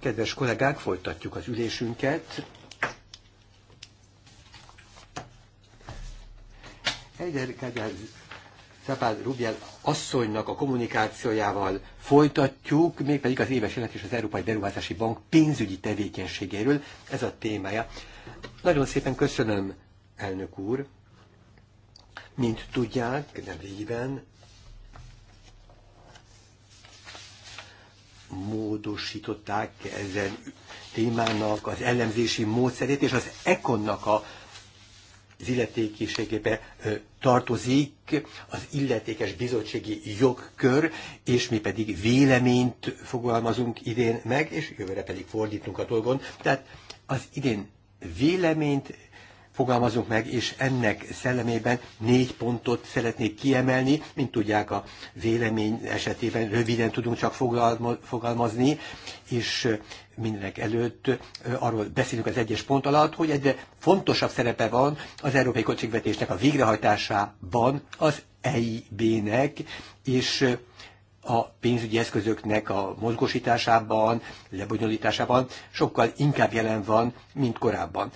Kedves kollégák, folytatjuk az ülésünket. Szabád Rubjel asszonynak a kommunikációjával folytatjuk, mégpedig az éves jelentés az Európai Beruházási Bank pénzügyi tevékenységéről. Ez a témája. Nagyon szépen köszönöm, elnök úr. Mint tudják, nem régiben módosították ezen témának az ellenzési módszerét, és az ekonnak a az illetékiségébe tartozik az illetékes bizottsági jogkör, és mi pedig véleményt fogalmazunk idén meg, és jövőre pedig fordítunk a dolgon. Tehát az idén véleményt fogalmazunk meg, és ennek szellemében négy pontot szeretnék kiemelni, mint tudják a vélemény esetében röviden tudunk csak fogalmazni, és mindenek előtt arról beszélünk az egyes pont alatt, hogy egyre fontosabb szerepe van az európai költségvetésnek a végrehajtásában az EIB-nek, és a pénzügyi eszközöknek a mozgósításában, lebonyolításában sokkal inkább jelen van, mint korábban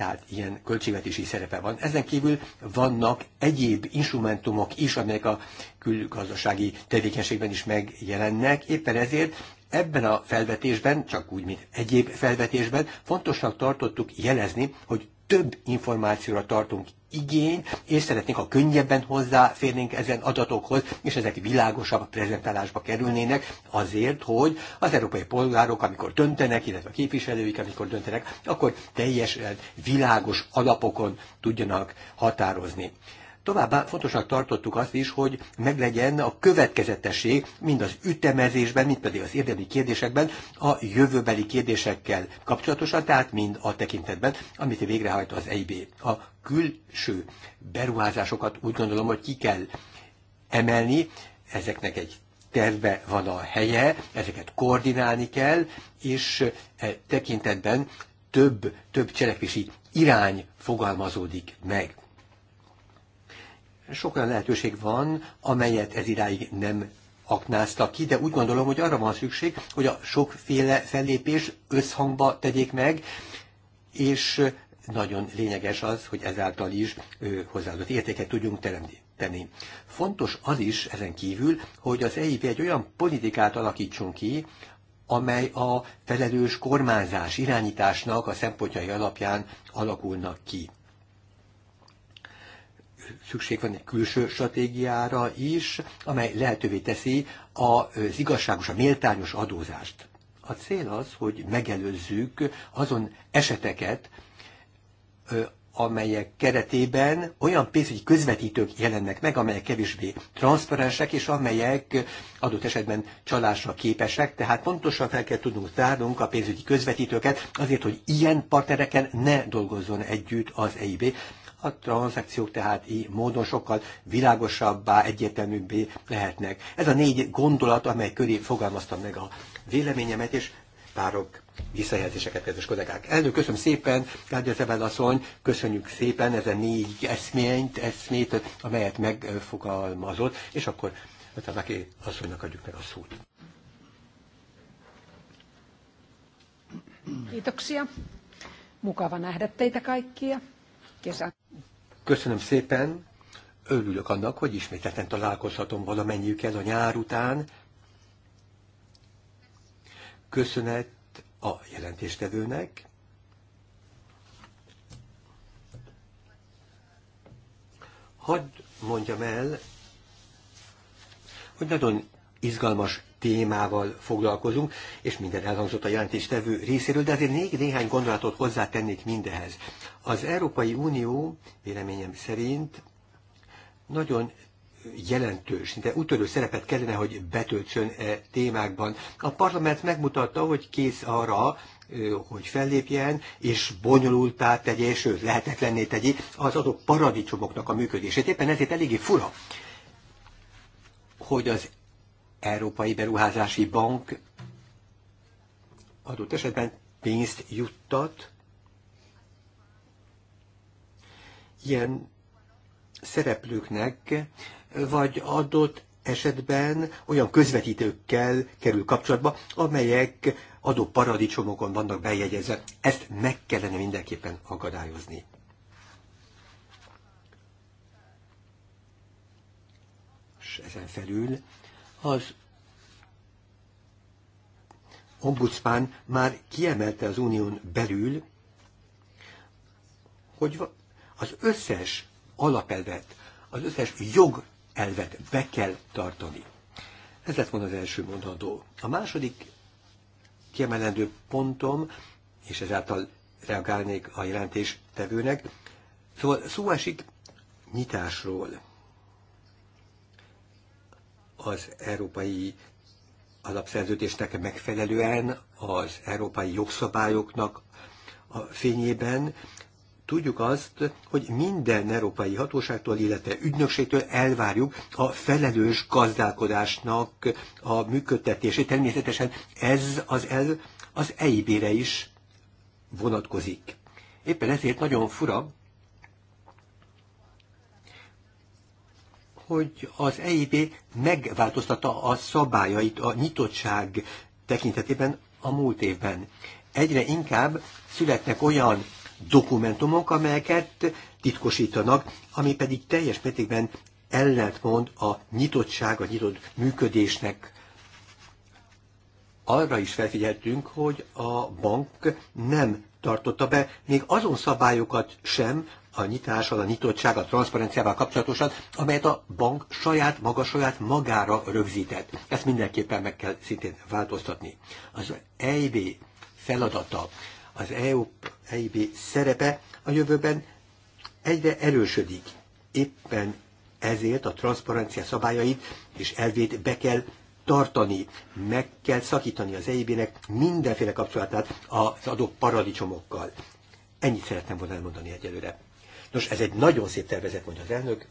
tehát ilyen költségvetési szerepe van. Ezen kívül vannak egyéb instrumentumok is, amelyek a külgazdasági tevékenységben is megjelennek, éppen ezért ebben a felvetésben, csak úgy, mint egyéb felvetésben, fontosnak tartottuk jelezni, hogy több információra tartunk igény, és szeretnénk, ha könnyebben hozzáférnénk ezen adatokhoz, és ezek világosabb prezentálásba kerülnének azért, hogy az európai polgárok, amikor döntenek, illetve a képviselőik, amikor döntenek, akkor teljesen eh, világos alapokon tudjanak határozni. Továbbá fontosnak tartottuk azt is, hogy meglegyen a következetesség mind az ütemezésben, mind pedig az érdemi kérdésekben, a jövőbeli kérdésekkel kapcsolatosan, tehát mind a tekintetben, amit végrehajt az EIB. A külső beruházásokat úgy gondolom, hogy ki kell emelni, ezeknek egy terve van a helye, ezeket koordinálni kell, és e tekintetben több, több cselekvési irány fogalmazódik meg. Sok olyan lehetőség van, amelyet ez idáig nem aknáztak ki, de úgy gondolom, hogy arra van szükség, hogy a sokféle fellépés összhangba tegyék meg, és nagyon lényeges az, hogy ezáltal is hozzáadott értéket tudjunk teremni tenni. Fontos az is ezen kívül, hogy az EIP egy olyan politikát alakítson ki, amely a felelős kormányzás irányításnak a szempontjai alapján alakulnak ki szükség van egy külső stratégiára is, amely lehetővé teszi az igazságos, a méltányos adózást. A cél az, hogy megelőzzük azon eseteket, amelyek keretében olyan pénzügyi közvetítők jelennek meg, amelyek kevésbé transzparensek, és amelyek adott esetben csalásra képesek, tehát pontosan fel kell tudnunk tárnunk a pénzügyi közvetítőket azért, hogy ilyen partnereken ne dolgozzon együtt az EIB, a tranzakciók tehát így módon sokkal világosabbá, egyértelműbbé lehetnek. Ez a négy gondolat, amely köré fogalmaztam meg a véleményemet, és párok visszajelzéseket, kedves kollégák. Elnök, köszönöm szépen, Tárgya Zebel asszony, köszönjük szépen ezen négy eszményt, eszmét, amelyet megfogalmazott, és akkor a neki asszonynak adjuk meg a szót. Kiitoksia. Mukava nähdä teitä kaikkia. Köszönöm szépen. Örülök annak, hogy ismételten találkozhatom valamennyiükkel a nyár után. Köszönet a jelentéstevőnek. Hadd mondjam el, hogy nagyon izgalmas témával foglalkozunk, és minden elhangzott a jelentéstevő részéről, de azért még néhány gondolatot hozzátennék mindehez. Az Európai Unió véleményem szerint nagyon jelentős, de úttörő szerepet kellene, hogy betöltsön e témákban. A parlament megmutatta, hogy kész arra, hogy fellépjen, és bonyolultá tegye, ő lehetetlenné tegye az adott paradicsomoknak a működését. Éppen ezért eléggé fura, hogy az Európai Beruházási Bank adott esetben pénzt juttat ilyen szereplőknek, vagy adott esetben olyan közvetítőkkel kerül kapcsolatba, amelyek adó paradicsomokon vannak bejegyezve. Ezt meg kellene mindenképpen akadályozni. És ezen felül az ombudsman már kiemelte az unión belül, hogy az összes alapelvet, az összes jogelvet be kell tartani. Ez lett volna az első mondandó. A második kiemelendő pontom, és ezáltal reagálnék a jelentéstevőnek, szóval szó esik nyitásról az európai alapszerződésnek megfelelően, az európai jogszabályoknak a fényében, tudjuk azt, hogy minden európai hatóságtól, illetve ügynökségtől elvárjuk a felelős gazdálkodásnak a működtetését. Természetesen ez az el az EIB-re is vonatkozik. Éppen ezért nagyon fura, hogy az EIB megváltoztatta a szabályait a nyitottság tekintetében a múlt évben. Egyre inkább születnek olyan dokumentumok, amelyeket titkosítanak, ami pedig teljes mértékben ellentmond a nyitottság, a nyitott működésnek. Arra is felfigyeltünk, hogy a bank nem tartotta be még azon szabályokat sem, a nyitással, a nyitottság, a transzparenciával kapcsolatosan, amelyet a bank saját maga saját magára rögzített. Ezt mindenképpen meg kell szintén változtatni. Az EIB feladata, az EIB e szerepe a jövőben egyre erősödik. Éppen ezért a transzparencia szabályait és elvét be kell tartani, meg kell szakítani az EIB-nek mindenféle kapcsolatát az adott paradicsomokkal. Ennyit szerettem volna elmondani egyelőre. Nos, ez egy nagyon szép tervezet, mondja az elnök,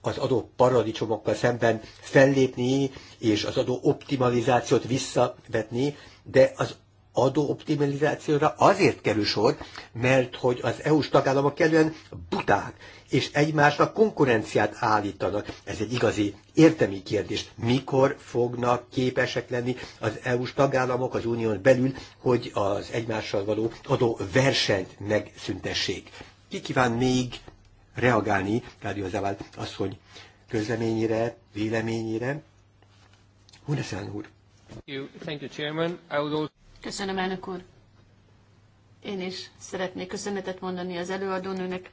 az adó paradicsomokkal szemben fellépni, és az adó optimalizációt visszavetni, de az adó optimalizációra azért kerül sor, mert hogy az EU-s tagállamok kellően buták, és egymásnak konkurenciát állítanak. Ez egy igazi értemi kérdés. Mikor fognak képesek lenni az EU-s tagállamok az unión belül, hogy az egymással való adó versenyt megszüntessék? Ki kíván még reagálni Rádió Zavál asszony közleményére, véleményére? Huneszán úr. Köszönöm, elnök úr. Én is szeretnék köszönetet mondani az előadónőnek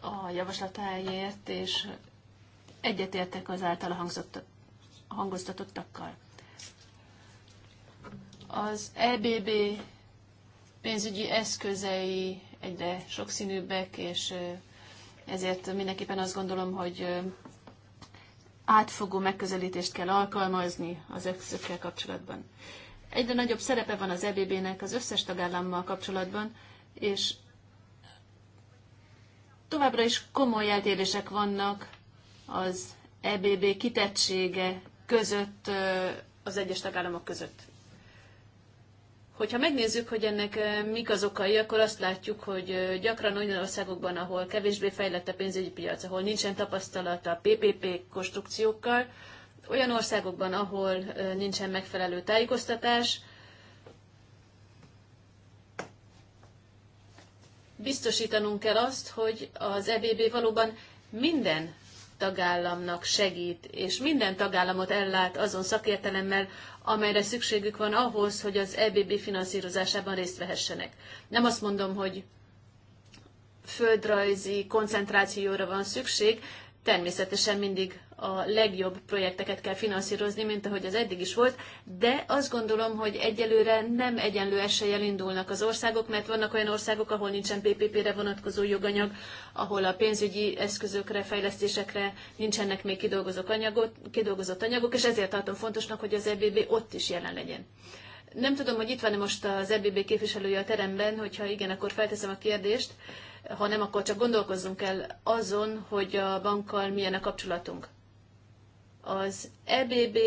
a javaslatáért, és egyetértek az általa hangoztatottakkal. Az EBB pénzügyi eszközei egyre sokszínűbbek, és ezért mindenképpen azt gondolom, hogy átfogó megközelítést kell alkalmazni az exökkel kapcsolatban. Egyre nagyobb szerepe van az EBB-nek az összes tagállammal kapcsolatban, és továbbra is komoly eltérések vannak az EBB kitettsége között, az egyes tagállamok között. Hogyha megnézzük, hogy ennek mik az okai, akkor azt látjuk, hogy gyakran olyan országokban, ahol kevésbé fejlett a pénzügyi piac, ahol nincsen tapasztalata a PPP konstrukciókkal, olyan országokban, ahol nincsen megfelelő tájékoztatás, biztosítanunk kell azt, hogy az EBB valóban minden tagállamnak segít, és minden tagállamot ellát azon szakértelemmel, amelyre szükségük van ahhoz, hogy az EBB finanszírozásában részt vehessenek. Nem azt mondom, hogy földrajzi koncentrációra van szükség, természetesen mindig a legjobb projekteket kell finanszírozni, mint ahogy az eddig is volt, de azt gondolom, hogy egyelőre nem egyenlő eséllyel indulnak az országok, mert vannak olyan országok, ahol nincsen PPP-re vonatkozó joganyag, ahol a pénzügyi eszközökre, fejlesztésekre nincsenek még kidolgozott, anyagot, kidolgozott anyagok, és ezért tartom fontosnak, hogy az EBB ott is jelen legyen. Nem tudom, hogy itt van most az EBB képviselője a teremben, hogyha igen, akkor felteszem a kérdést, ha nem, akkor csak gondolkozzunk el azon, hogy a bankkal milyen a kapcsolatunk az EBB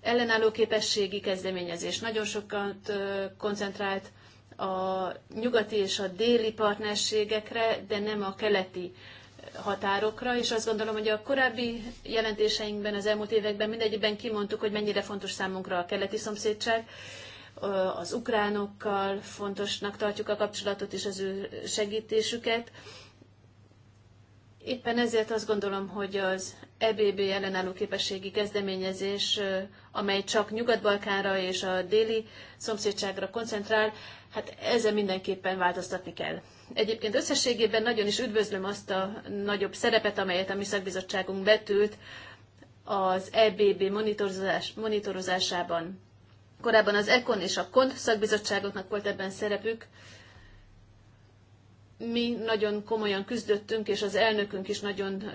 ellenálló képességi kezdeményezés nagyon sokat koncentrált a nyugati és a déli partnerségekre, de nem a keleti határokra, és azt gondolom, hogy a korábbi jelentéseinkben, az elmúlt években mindegyikben kimondtuk, hogy mennyire fontos számunkra a keleti szomszédság, az ukránokkal fontosnak tartjuk a kapcsolatot és az ő segítésüket, Éppen ezért azt gondolom, hogy az EBB ellenálló képességi kezdeményezés, amely csak Nyugat-Balkánra és a déli szomszédságra koncentrál, hát ezzel mindenképpen változtatni kell. Egyébként összességében nagyon is üdvözlöm azt a nagyobb szerepet, amelyet a mi szakbizottságunk betült az EBB monitorozás, monitorozásában. Korábban az ECON és a KONT szakbizottságoknak volt ebben szerepük, mi nagyon komolyan küzdöttünk, és az elnökünk is nagyon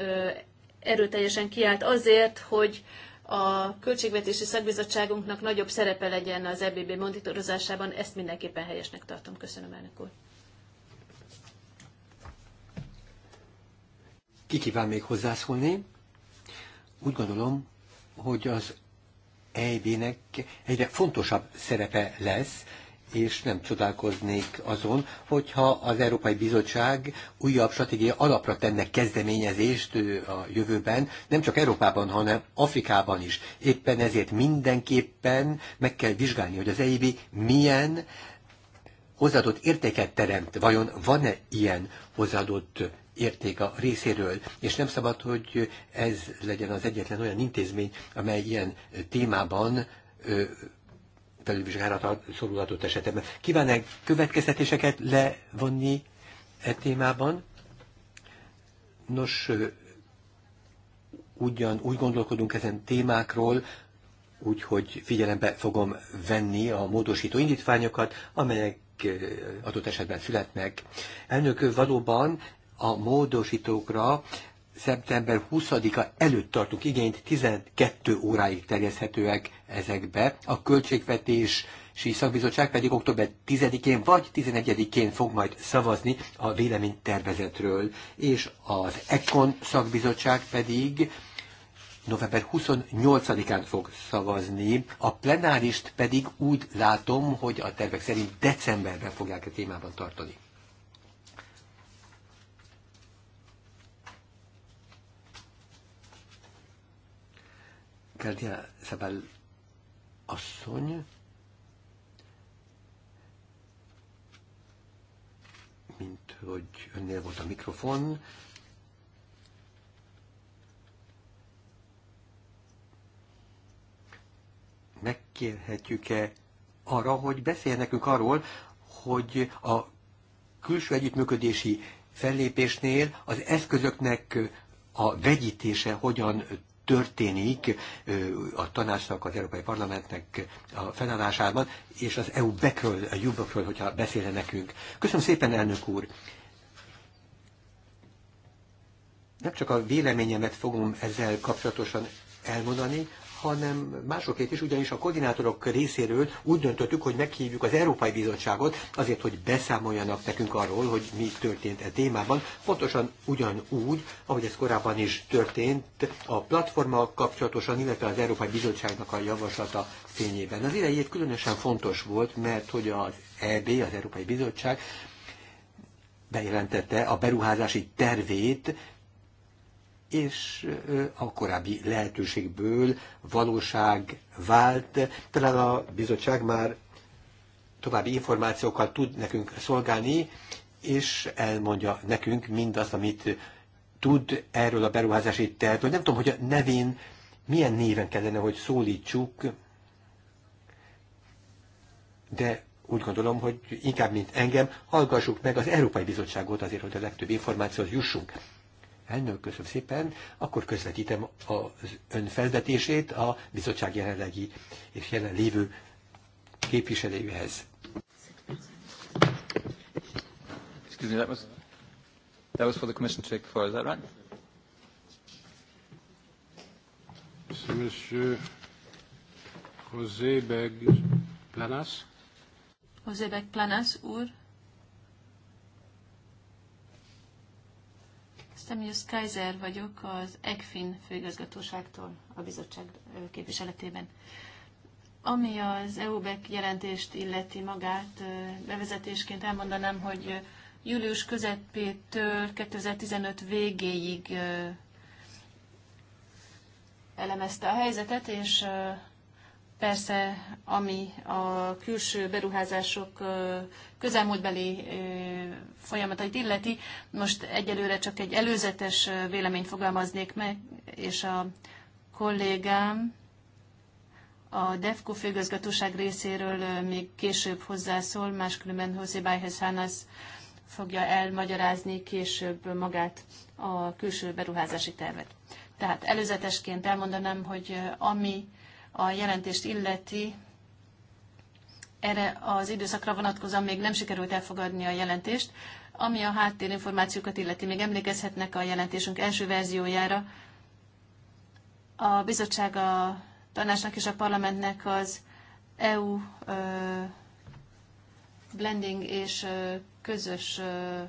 erőteljesen kiállt azért, hogy a költségvetési szakbizottságunknak nagyobb szerepe legyen az EBB monitorozásában, ezt mindenképpen helyesnek tartom. Köszönöm, elnök úr. Ki kíván még hozzászólni? Úgy gondolom, hogy az EIB-nek egyre fontosabb szerepe lesz és nem csodálkoznék azon, hogyha az Európai Bizottság újabb stratégia alapra tenne kezdeményezést a jövőben, nem csak Európában, hanem Afrikában is. Éppen ezért mindenképpen meg kell vizsgálni, hogy az EIB milyen hozzáadott értéket teremt. Vajon van-e ilyen hozzáadott érték a részéről, és nem szabad, hogy ez legyen az egyetlen olyan intézmény, amely ilyen témában felülvizsgálatra szorulatot adott esetben. Kíván-e következtetéseket levonni e témában? Nos, ugyan úgy gondolkodunk ezen témákról, úgyhogy figyelembe fogom venni a módosító indítványokat, amelyek adott esetben születnek. Elnök valóban a módosítókra szeptember 20-a előtt tartunk igényt, 12 óráig terjeszthetőek ezekbe. A és szakbizottság pedig október 10-én vagy 11-én fog majd szavazni a véleménytervezetről, és az ECON szakbizottság pedig november 28-án fog szavazni, a plenárist pedig úgy látom, hogy a tervek szerint decemberben fogják a e témában tartani. Kárdia Szabál asszony, mint hogy önnél volt a mikrofon, megkérhetjük-e arra, hogy beszélj nekünk arról, hogy a külső együttműködési fellépésnél az eszközöknek a vegyítése hogyan történik a tanácsnak, az Európai Parlamentnek a felállásában, és az EU bekről, a jubokról, hogyha beszélne nekünk. Köszönöm szépen, elnök úr! Nem csak a véleményemet fogom ezzel kapcsolatosan elmondani, hanem másokét is, ugyanis a koordinátorok részéről úgy döntöttük, hogy meghívjuk az Európai Bizottságot azért, hogy beszámoljanak nekünk arról, hogy mi történt e témában. Pontosan ugyanúgy, ahogy ez korábban is történt, a platforma kapcsolatosan, illetve az Európai Bizottságnak a javaslata fényében. Az idejét különösen fontos volt, mert hogy az EB, az Európai Bizottság bejelentette a beruházási tervét és a korábbi lehetőségből valóság vált. Talán a bizottság már további információkkal tud nekünk szolgálni, és elmondja nekünk mindazt, amit tud erről a beruházási tervről. Nem tudom, hogy a nevén milyen néven kellene, hogy szólítsuk, de úgy gondolom, hogy inkább, mint engem, hallgassuk meg az Európai Bizottságot azért, hogy a legtöbb információhoz jussunk. Elnök, köszönöm szépen. Akkor közvetítem az ön felvetését a bizottság jelenlegi és jelenlévő képviselőjéhez. Excuse me, that was, that was for the commission to take for, is that right? Monsieur José Beg Planas. José Beg Planas úr. Személyos Kaiser vagyok az ECFIN főigazgatóságtól a bizottság képviseletében. Ami az eu jelentést illeti magát, bevezetésként elmondanám, hogy július közepétől 2015 végéig elemezte a helyzetet, és Persze, ami a külső beruházások közelmúltbeli folyamatait illeti, most egyelőre csak egy előzetes véleményt fogalmaznék meg, és a kollégám a DEFCO főgazgatóság részéről még később hozzászól, máskülönben José Bájhez Hánasz fogja elmagyarázni később magát a külső beruházási tervet. Tehát előzetesként elmondanám, hogy ami a jelentést illeti, erre az időszakra vonatkozóan még nem sikerült elfogadni a jelentést. Ami a háttérinformációkat illeti, még emlékezhetnek a jelentésünk első verziójára. A bizottság a tanácsnak és a parlamentnek az EU ö, blending és ö, közös ö,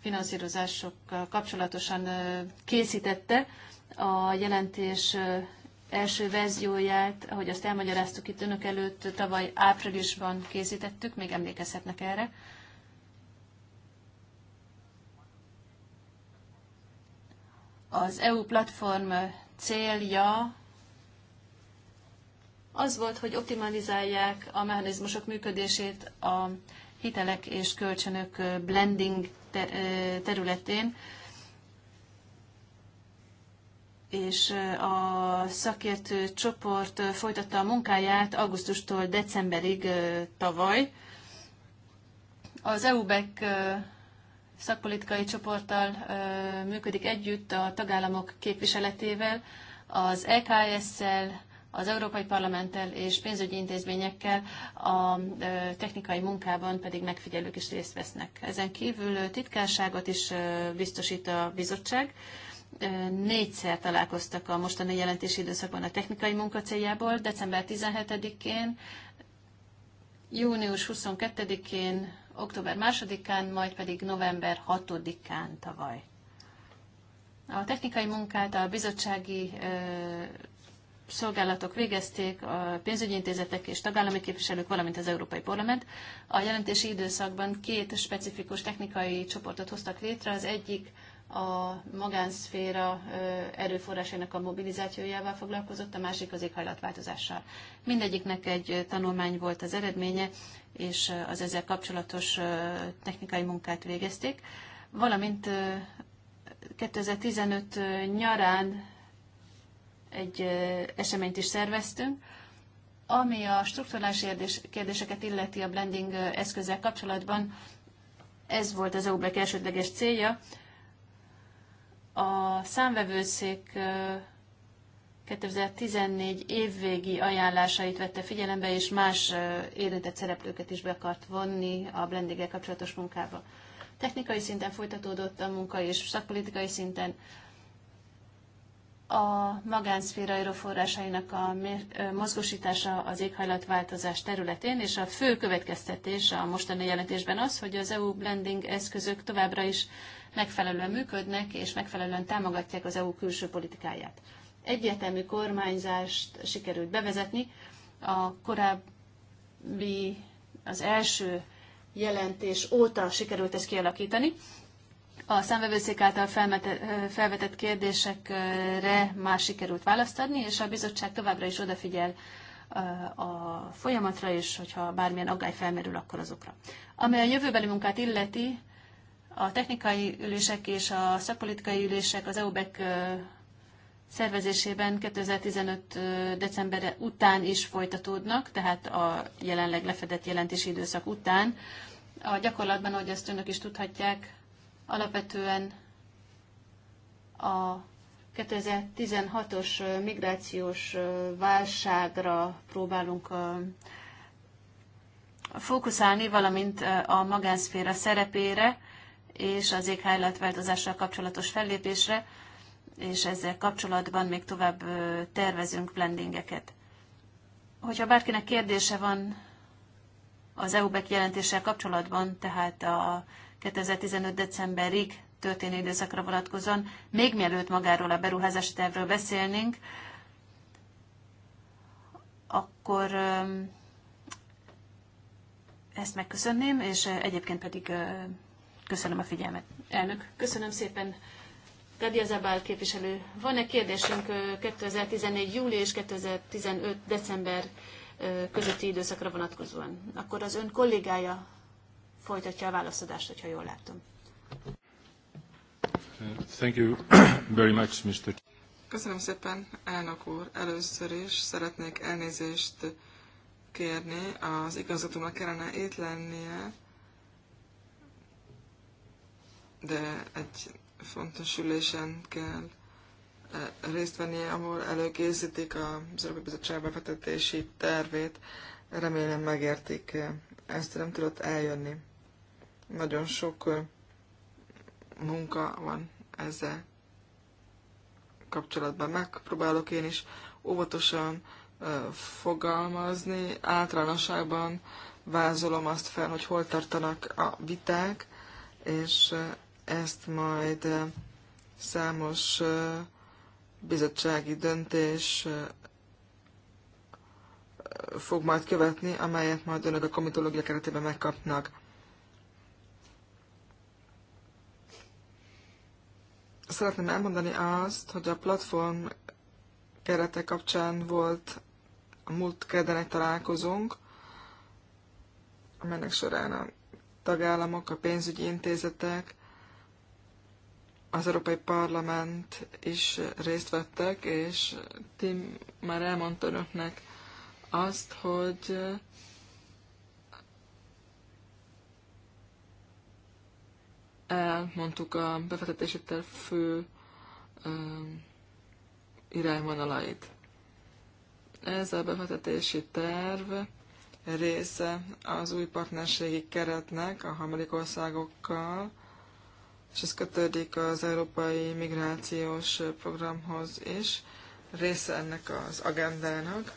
finanszírozásokkal kapcsolatosan ö, készítette a jelentés első verzióját, ahogy azt elmagyaráztuk itt önök előtt, tavaly áprilisban készítettük, még emlékezhetnek erre. Az EU platform célja az volt, hogy optimalizálják a mechanizmusok működését a hitelek és kölcsönök blending területén, és a szakértő csoport folytatta a munkáját augusztustól decemberig tavaly. Az eu e szakpolitikai csoporttal működik együtt a tagállamok képviseletével, az EKS-szel, az Európai Parlamenttel és pénzügyi intézményekkel, a technikai munkában pedig megfigyelők is részt vesznek. Ezen kívül titkárságot is biztosít a bizottság négyszer találkoztak a mostani jelentési időszakban a technikai munka céljából, december 17-én, június 22-én, október 2-án, majd pedig november 6-án tavaly. A technikai munkát a bizottsági szolgálatok végezték, a pénzügyi intézetek és tagállami képviselők, valamint az Európai Parlament. A jelentési időszakban két specifikus technikai csoportot hoztak létre, az egyik a magánszféra erőforrásainak a mobilizációjával foglalkozott, a másik az éghajlatváltozással. Mindegyiknek egy tanulmány volt az eredménye, és az ezzel kapcsolatos technikai munkát végezték, valamint 2015 nyarán egy eseményt is szerveztünk, ami a strukturális kérdéseket illeti a blending eszközzel kapcsolatban, ez volt az eu elsődleges célja, a számvevőszék 2014 évvégi ajánlásait vette figyelembe, és más érintett szereplőket is be akart vonni a blendinggel kapcsolatos munkába. Technikai szinten folytatódott a munka, és szakpolitikai szinten a magánszféra erőforrásainak a mozgósítása az éghajlatváltozás területén, és a fő következtetés a mostani jelentésben az, hogy az EU blending eszközök továbbra is megfelelően működnek, és megfelelően támogatják az EU külső politikáját. Egyetemű kormányzást sikerült bevezetni. A korábbi, az első jelentés óta sikerült ezt kialakítani, a számvevőszék által felvetett kérdésekre már sikerült választ adni, és a bizottság továbbra is odafigyel a folyamatra, és hogyha bármilyen aggály felmerül, akkor azokra. Ami a jövőbeli munkát illeti, a technikai ülések és a szakpolitikai ülések az EUBEC szervezésében 2015. decemberre után is folytatódnak, tehát a jelenleg lefedett jelentési időszak után. A gyakorlatban, ahogy ezt önök is tudhatják, alapvetően a 2016-os migrációs válságra próbálunk fókuszálni, valamint a magánszféra szerepére és az éghajlatváltozással kapcsolatos fellépésre, és ezzel kapcsolatban még tovább tervezünk blendingeket. Hogyha bárkinek kérdése van az EU-BEC jelentéssel kapcsolatban, tehát a 2015. decemberig történő időszakra vonatkozóan, még mielőtt magáról a beruházási tervről beszélnénk, akkor ezt megköszönném, és egyébként pedig köszönöm a figyelmet. Elnök, köszönöm szépen. Kedi Zabál képviselő, van-e kérdésünk 2014. július és 2015. december közötti időszakra vonatkozóan. Akkor az ön kollégája folytatja a válaszadást, hogyha jól látom. Thank you very much, Mr. Köszönöm szépen, elnök úr. Először is szeretnék elnézést kérni. Az igazgatónak kellene itt lennie, de egy fontos ülésen kell részt venni, ahol előkészítik az Európai Bizottság befektetési tervét. Remélem megértik eh, ezt, nem tudott eljönni. Nagyon sok eh, munka van ezzel kapcsolatban. Megpróbálok én is óvatosan eh, fogalmazni, általánosságban vázolom azt fel, hogy hol tartanak a viták, és ezt majd számos bizottsági döntés fog majd követni, amelyet majd önök a komitológia keretében megkapnak. Szeretném elmondani azt, hogy a platform kerete kapcsán volt a múlt kedden egy találkozónk, amelynek során a tagállamok, a pénzügyi intézetek, az Európai Parlament is részt vettek, és Tim már elmondta önöknek azt, hogy elmondtuk a befektetési terv fő irányvonalait. Ez a befektetési terv része az új partnerségi keretnek a harmadik országokkal, és ez kötődik az európai migrációs programhoz is, része ennek az agendának.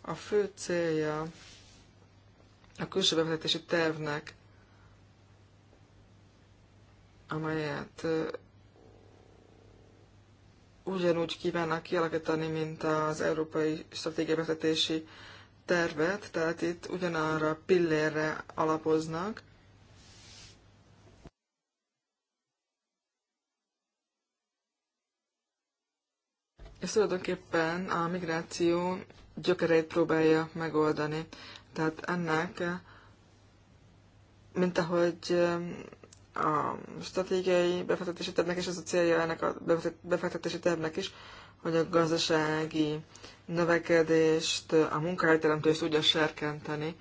A fő célja a külső bevezetési tervnek, amelyet ugyanúgy kívánnak kialakítani, mint az európai stratégiai vezetési tervet, tehát itt ugyanarra pillérre alapoznak, és tulajdonképpen a migráció gyökereit próbálja megoldani. Tehát ennek, mint ahogy a stratégiai befektetési tervnek is az a célja ennek a befektetési tervnek is, hogy a gazdasági növekedést, a munkahelyteremtést tudja serkenteni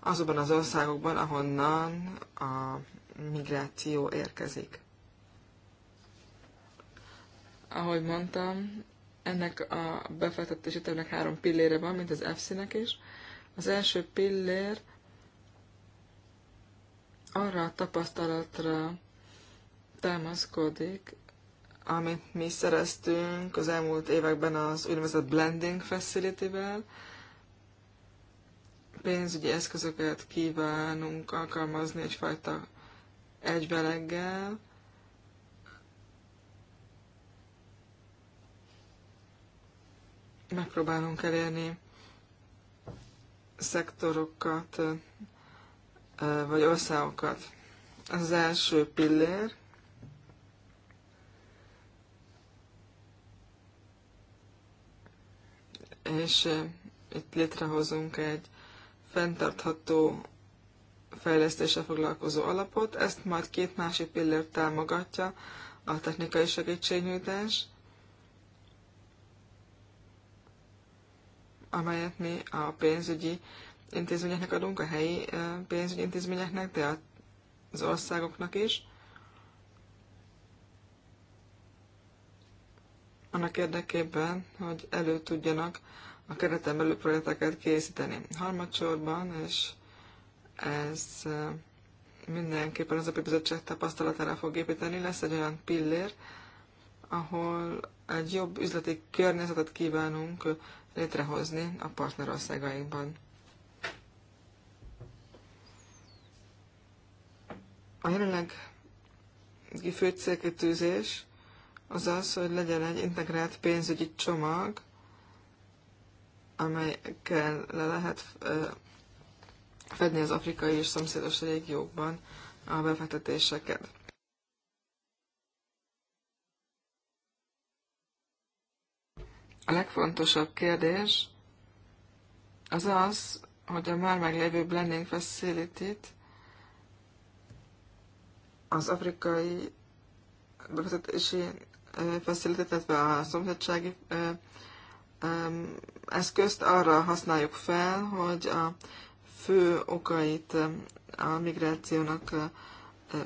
azokban az országokban, ahonnan a migráció érkezik. Ahogy mondtam, ennek a befektetési tervnek három pillére van, mint az FC-nek is. Az első pillér arra a tapasztalatra támaszkodik, amit mi szereztünk az elmúlt években az úgynevezett blending facility-vel. Pénzügyi eszközöket kívánunk alkalmazni egyfajta egybeleggel, megpróbálunk elérni szektorokat, vagy országokat. Ez az első pillér. És itt létrehozunk egy fenntartható fejlesztése foglalkozó alapot, ezt majd két másik pillér támogatja, a technikai segítségnyújtás, amelyet mi a pénzügyi intézményeknek adunk, a helyi pénzügyi intézményeknek, de az országoknak is. Annak érdekében, hogy elő tudjanak a kereten belül projekteket készíteni. Harmadsorban, és ez mindenképpen az a bizottság tapasztalatára fog építeni, lesz egy olyan pillér, ahol egy jobb üzleti környezetet kívánunk létrehozni a partnerországainkban. A jelenleg fő célkitűzés az az, hogy legyen egy integrált pénzügyi csomag, amelyekkel le lehet fedni az afrikai és szomszédos régiókban a befektetéseket. A legfontosabb kérdés az az, hogy a már meglévő blending facility az afrikai befektetési facility, illetve a szomszédsági eszközt arra használjuk fel, hogy a fő okait a migrációnak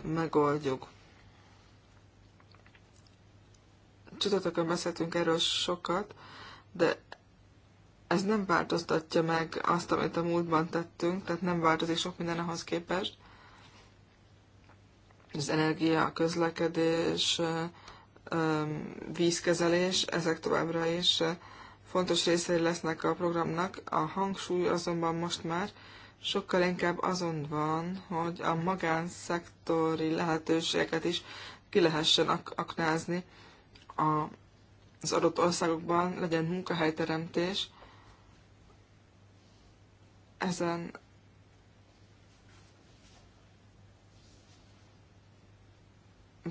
megoldjuk. Csütörtökön beszéltünk erről sokat, de ez nem változtatja meg azt, amit a múltban tettünk, tehát nem változik sok minden ahhoz képest. Az energia, közlekedés, vízkezelés, ezek továbbra is fontos részei lesznek a programnak. A hangsúly azonban most már sokkal inkább azon van, hogy a magánszektori lehetőségeket is ki lehessen ak- aknázni a az adott országokban legyen munkahelyteremtés, ezen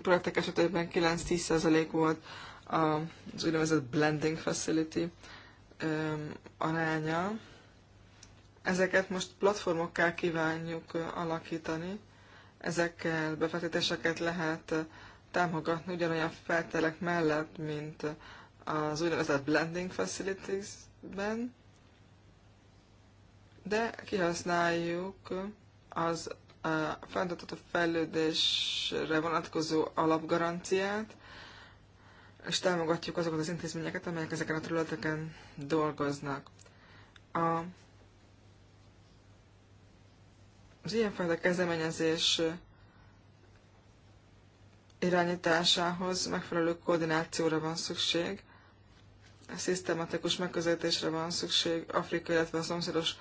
projektek esetében 9-10% volt az úgynevezett blending facility aránya. Ezeket most platformokká kívánjuk alakítani, ezekkel befektetéseket lehet támogatni ugyanolyan feltelek mellett, mint az úgynevezett blending facilities-ben, de kihasználjuk az a fenntartható fejlődésre vonatkozó alapgaranciát, és támogatjuk azokat az intézményeket, amelyek ezeken a területeken dolgoznak. A, az ilyenfajta kezdeményezés irányításához megfelelő koordinációra van szükség, szisztematikus megközelítésre van szükség Afrika, illetve a szomszédos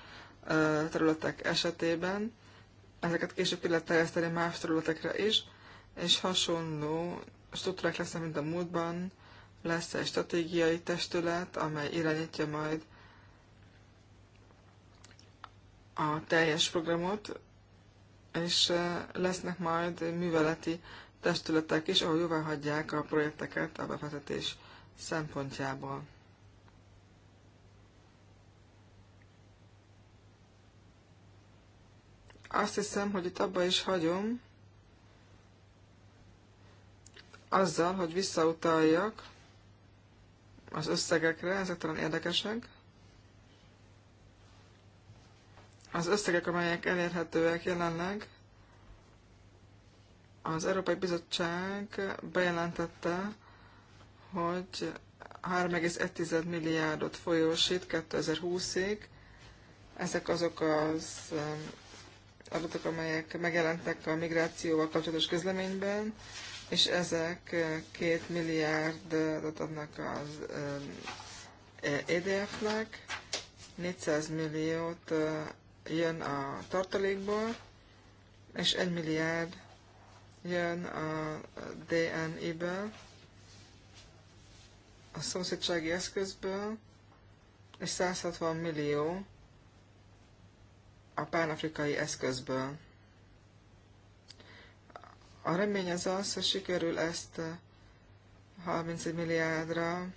területek esetében. Ezeket később ki lehet terjeszteni más területekre is, és hasonló struktúrák lesznek, mint a múltban. Lesz egy stratégiai testület, amely irányítja majd a teljes programot, és lesznek majd műveleti testületek is, ahol jóvá hagyják a projekteket a befektetés szempontjából. Azt hiszem, hogy itt abba is hagyom, azzal, hogy visszautaljak az összegekre, ezek talán érdekesek. Az összegek, amelyek elérhetőek jelenleg, az Európai Bizottság bejelentette, hogy 3,1 milliárdot folyósít 2020-ig. Ezek azok az um, adatok, amelyek megjelentek a migrációval kapcsolatos közleményben, és ezek 2 milliárdot adnak az um, EDF-nek, 400 milliót uh, jön a tartalékból, és 1 milliárd jön a DNI-ből, a szomszédsági eszközből, és 160 millió a pánafrikai eszközből. A remény az az, hogy sikerül ezt 31 milliárdra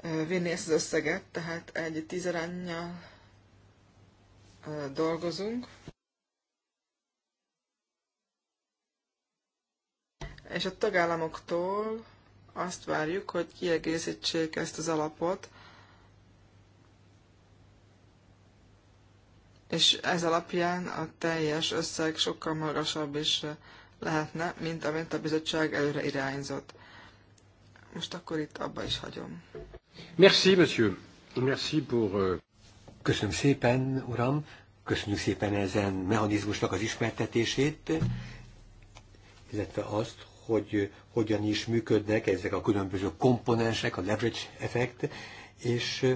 vinni ezt az összeget, tehát egy tízarányjal dolgozunk. és a tagállamoktól azt várjuk, hogy kiegészítsék ezt az alapot, és ez alapján a teljes összeg sokkal magasabb is lehetne, mint amit a bizottság előre irányzott. Most akkor itt abba is hagyom. Merci, monsieur. Merci pour... Euh, Köszönöm szépen, uram. Köszönjük szépen ezen mechanizmusnak az ismertetését, illetve azt, hogy hogyan is működnek ezek a különböző komponensek, a leverage effekt, és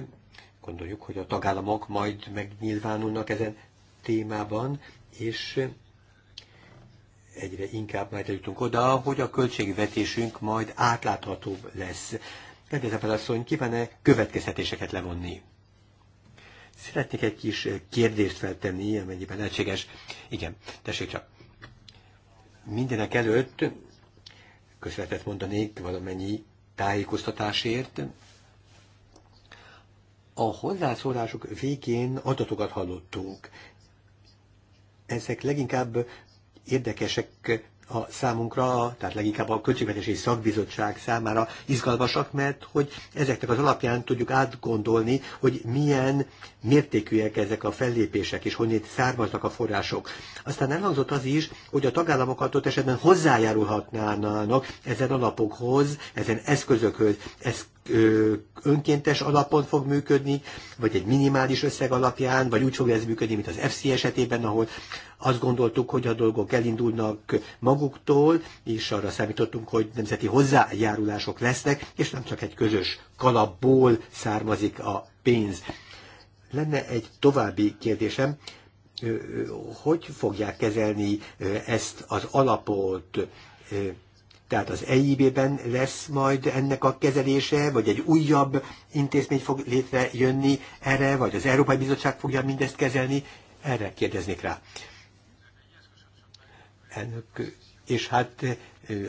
gondoljuk, hogy a tagállamok majd megnyilvánulnak ezen témában, és egyre inkább majd eljutunk oda, hogy a költségvetésünk majd átláthatóbb lesz. azt, hogy kíván-e következtetéseket levonni? Szeretnék egy kis kérdést feltenni, amennyiben lehetséges. Igen, tessék csak. Mindenek előtt köszönetet mondanék valamennyi tájékoztatásért. A hozzászólások végén adatokat hallottunk. Ezek leginkább érdekesek a számunkra, tehát leginkább a Költségvetési Szakbizottság számára izgalmasak, mert hogy ezeknek az alapján tudjuk átgondolni, hogy milyen mértékűek ezek a fellépések, és honnét származnak a források. Aztán elhangzott az is, hogy a tagállamok adott esetben hozzájárulhatnának ezen alapokhoz, ezen eszközökhöz. Ez önkéntes alapon fog működni, vagy egy minimális összeg alapján, vagy úgy fog ez működni, mint az FC esetében, ahol azt gondoltuk, hogy a dolgok elindulnak maguktól, és arra számítottunk, hogy nemzeti hozzájárulások lesznek, és nem csak egy közös kalapból származik a pénz. Lenne egy további kérdésem, hogy fogják kezelni ezt az alapot, tehát az EIB-ben lesz majd ennek a kezelése, vagy egy újabb intézmény fog létrejönni erre, vagy az Európai Bizottság fogja mindezt kezelni, erre kérdeznék rá. Elnök, és hát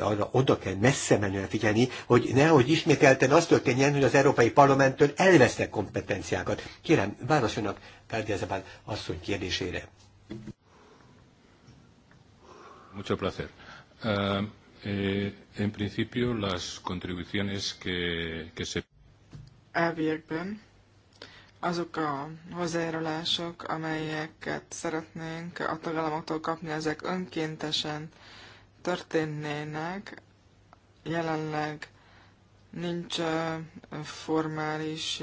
arra oda kell messze menően figyelni, hogy nehogy ismételten az történjen, hogy az Európai Parlamenttől elvesznek kompetenciákat. Kérem, válaszoljanak Kárdi Ezebán asszony kérdésére. Mucho placer. Uh... Eh, en principio, las contribuciones que, que se... Elvégben azok a hozzájárulások, amelyeket szeretnénk a tagállamoktól kapni, ezek önkéntesen történnének. Jelenleg nincs formális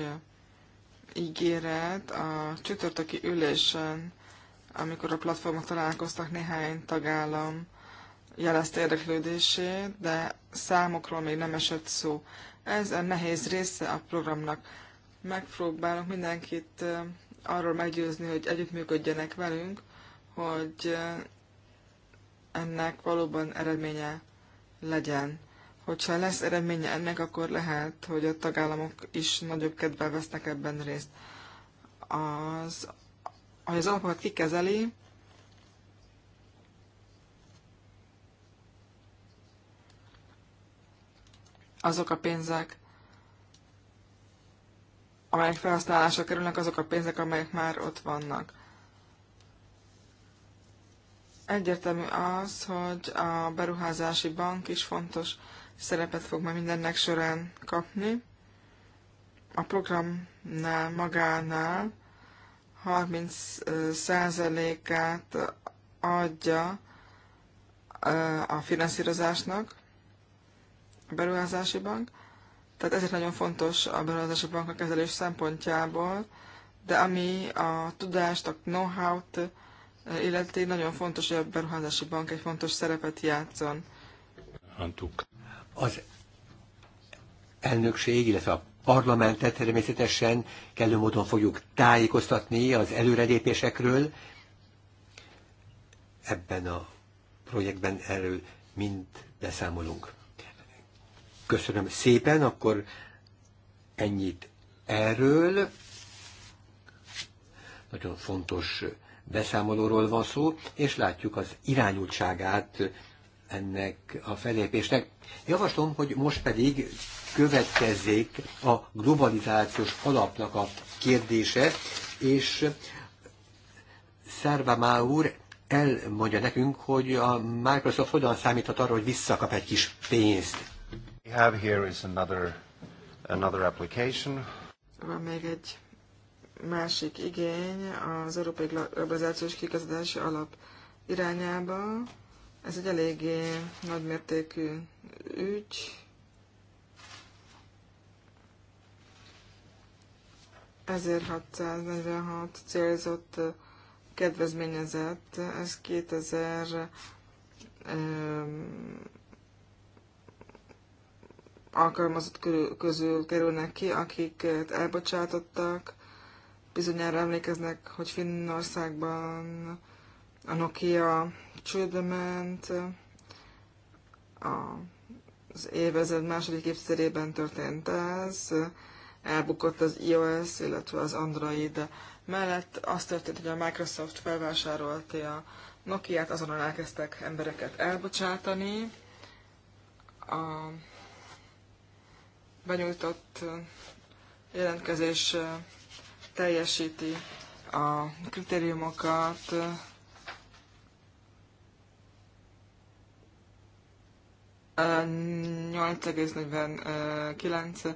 ígéret. A csütörtöki ülésen, amikor a platformok találkoztak, néhány tagállam jelezte érdeklődését, de számokról még nem esett szó. Ez a nehéz része a programnak. Megpróbálok mindenkit arról meggyőzni, hogy együttműködjenek velünk, hogy ennek valóban eredménye legyen. Hogyha lesz eredménye ennek, akkor lehet, hogy a tagállamok is nagyobb kedvel vesznek ebben részt. Az, hogy az alapokat kikezeli, azok a pénzek, amelyek felhasználásra kerülnek, azok a pénzek, amelyek már ott vannak. Egyértelmű az, hogy a beruházási bank is fontos szerepet fog majd mindennek során kapni. A programnál, magánál 30%-át adja a finanszírozásnak, beruházási bank, tehát ezért nagyon fontos a beruházási bank a kezelés szempontjából, de ami a tudást, a know-how-t eh, illeti, nagyon fontos, hogy a beruházási bank egy fontos szerepet játszon. Antuk. Az elnökség, illetve a parlamentet természetesen kellő módon fogjuk tájékoztatni az előrelépésekről. Ebben a projektben erről mind beszámolunk. Köszönöm szépen, akkor ennyit erről. Nagyon fontos beszámolóról van szó, és látjuk az irányultságát ennek a felépésnek. Javaslom, hogy most pedig következzék a globalizációs alapnak a kérdése, és Szervamá úr elmondja nekünk, hogy a Microsoft hogyan számíthat arra, hogy visszakap egy kis pénzt. We have here is another, another application. Van még egy másik igény az Európai Globalizációs Kigazdási Alap irányába. Ez egy eléggé nagymértékű ügy. Ezért 646 célzott kedvezményezett, ez 2000 alkalmazott körül, közül kerülnek ki, akiket elbocsátottak. Bizonyára emlékeznek, hogy Finnországban a Nokia csődbe ment, az évezred második évszerében történt ez, elbukott az iOS, illetve az Android mellett. Az történt, hogy a Microsoft felvásárolta a Nokia-t, azonnal elkezdtek embereket elbocsátani. A benyújtott jelentkezés teljesíti a kritériumokat, Uh, 8,49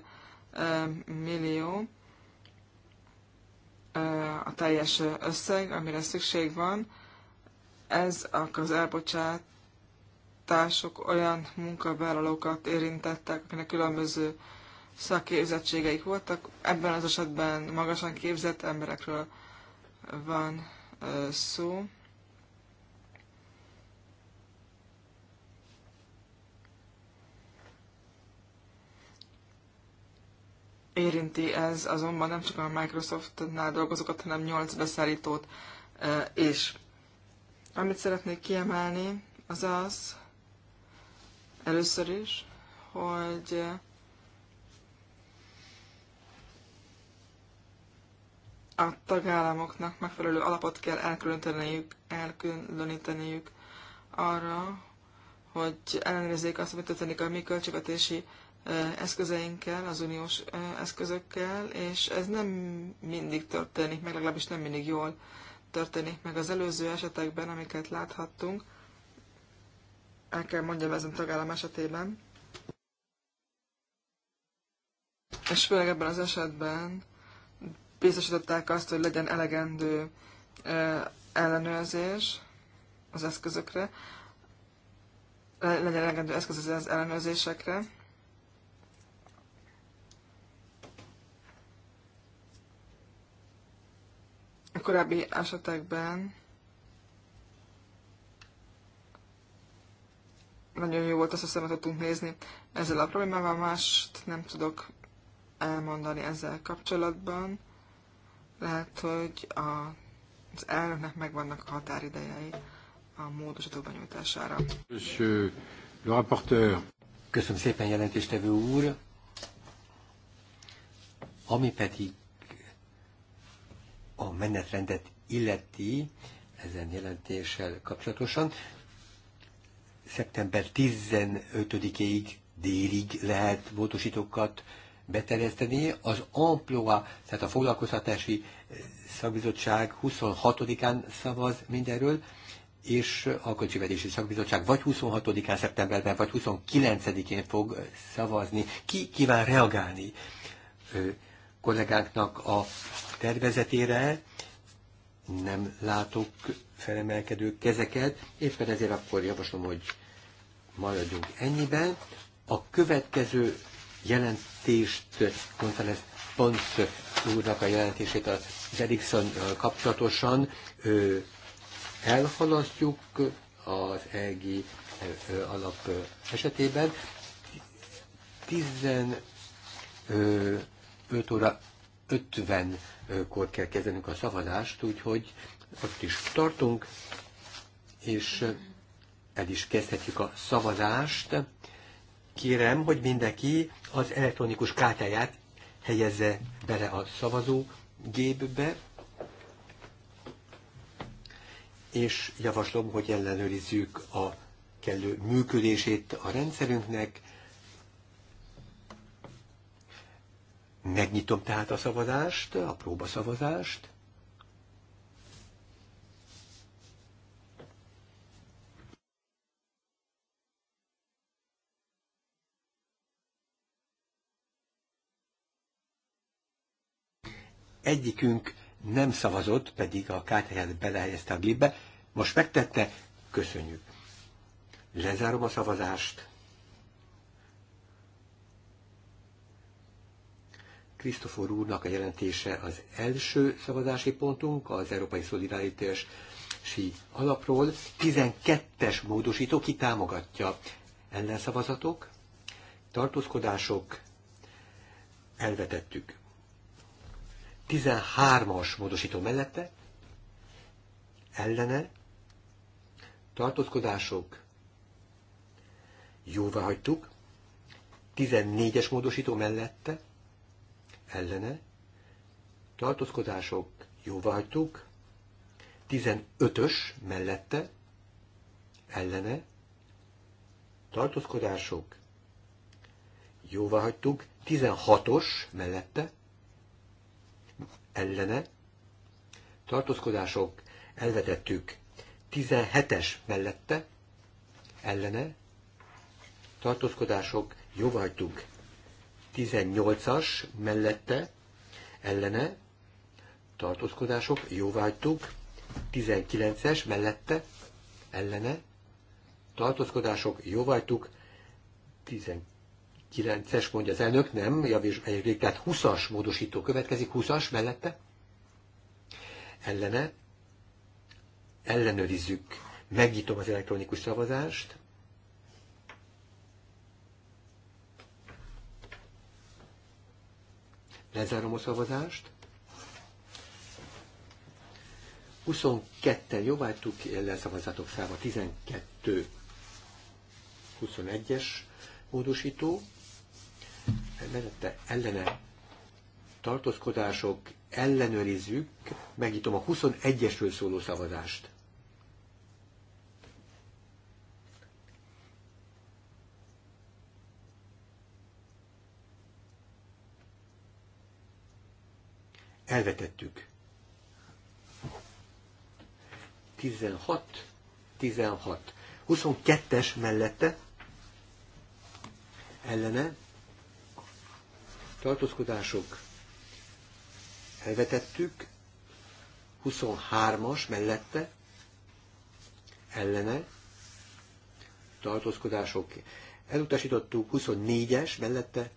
uh, millió uh, a teljes összeg, amire szükség van. Ez az elbocsátások olyan munkavállalókat érintettek, akinek különböző szakképzettségeik voltak. Ebben az esetben magasan képzett emberekről van szó. Érinti ez azonban nem csak a Microsoftnál dolgozókat, hanem 8 beszállítót is. Amit szeretnék kiemelni, az az, először is, hogy a tagállamoknak megfelelő alapot kell elkülöníteniük, elkülöníteniük arra, hogy ellenőrizzék azt, hogy történik a mi költségvetési eszközeinkkel, az uniós eszközökkel, és ez nem mindig történik meg, legalábbis nem mindig jól történik meg. Az előző esetekben, amiket láthattunk, el kell mondjam ezen tagállam esetében, és főleg ebben az esetben biztosították azt, hogy legyen elegendő ellenőrzés az eszközökre, legyen elegendő eszköz az ellenőrzésekre. A korábbi esetekben nagyon jó volt azt, hogy szemet tudtunk nézni ezzel a problémával, mást nem tudok elmondani ezzel kapcsolatban. Lehet, hogy a, az elnöknek megvannak a határidejei a módosító benyújtására. Monsieur le rapporteur. Köszönöm szépen, jelentéstevő úr. Ami pedig a menetrendet illeti, ezen jelentéssel kapcsolatosan, szeptember 15-ig délig lehet módosítókat beterjeszteni az Amploa, tehát a foglalkoztatási eh, szakbizottság 26-án szavaz mindenről, és a Költségvetési Szakbizottság vagy 26-án szeptemberben, vagy 29-én fog eh, szavazni. Ki kíván reagálni ö, eh, kollégánknak a tervezetére? Nem látok felemelkedő kezeket, éppen ezért akkor javaslom, hogy maradjunk ennyiben. A következő jelentést, ezt Pons úrnak a jelentését az Ericsson kapcsolatosan elhalasztjuk az EG alap esetében. 15 óra 50-kor kell kezdenünk a szavazást, úgyhogy ott is tartunk, és el is kezdhetjük a szavazást kérem, hogy mindenki az elektronikus kártyáját helyezze bele a szavazó gépbe, és javaslom, hogy ellenőrizzük a kellő működését a rendszerünknek. Megnyitom tehát a szavazást, a próbaszavazást. egyikünk nem szavazott, pedig a kártyáját belehelyezte a gépbe. Most megtette, köszönjük. Lezárom a szavazást. Krisztofor úrnak a jelentése az első szavazási pontunk, az Európai szolidaritási Sí alapról. 12-es módosító ki támogatja ellenszavazatok, tartózkodások, elvetettük. 13-as módosító mellette ellene tartózkodások jóvá hagytuk, 14-es módosító mellette ellene tartózkodások jóvá hagytuk, 15-ös mellette ellene tartózkodások jóvá hagytuk, 16-os mellette ellene, tartózkodások elvetettük 17-es mellette, ellene, tartózkodások jóváltuk. 18-as mellette, ellene, tartózkodások jóvá hagytuk 19-es mellette, ellene, tartózkodások jóváltuk. 19 es mellette ellene tartózkodások jóváltuk. 19 9-es mondja az elnök, nem, javés, tehát 20-as módosító következik, 20-as mellette. Ellene. Ellenőrizzük. Megnyitom az elektronikus szavazást. Lezárom a szavazást. 22-en jóvágytuk, ellenszavazatok száma 12. 21-es módosító mellette ellene tartózkodások ellenőrizzük, megnyitom a 21-esről szóló szavazást. Elvetettük. 16, 16. 22-es mellette ellene tartózkodások elvetettük, 23-as mellette, ellene, tartózkodások elutasítottuk, 24-es mellette,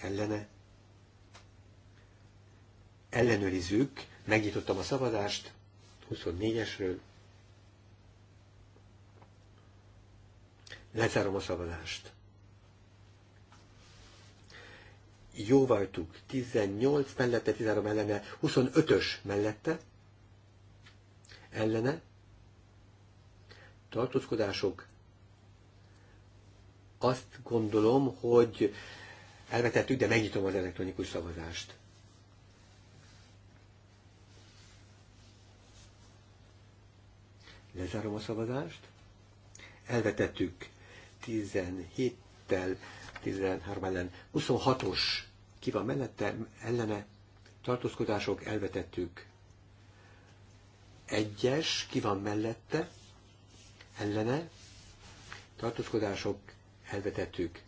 ellene, ellenőrizzük, megnyitottam a szavazást, 24-esről, lezárom a szavazást. jóváltuk 18 mellette, 13 ellene, 25-ös mellette, ellene, tartózkodások, azt gondolom, hogy elvetettük, de megnyitom az elektronikus szavazást. Lezárom a szavazást. Elvetettük 17-tel 13 ellen, 26-os ki van mellette, ellene tartózkodások elvetettük. Egyes ki van mellette, ellene tartózkodások elvetettük.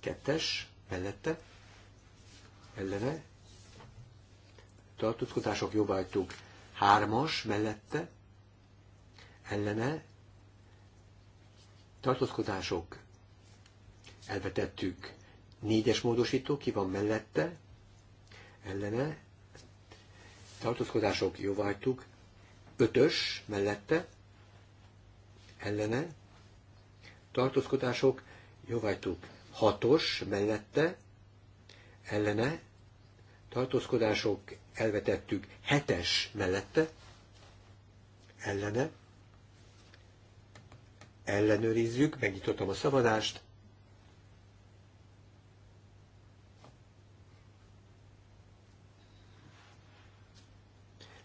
Kettes mellette, ellene tartózkodások jobbágytuk. Hármas mellette, ellene tartózkodások elvetettük. Négyes módosító, ki van mellette, ellene, tartózkodások, jóváhagytuk. Ötös mellette, ellene, tartózkodások, jóváhagytuk. Hatos mellette, ellene, tartózkodások, elvetettük. Hetes mellette, ellene, ellenőrizzük, megnyitottam a szavazást,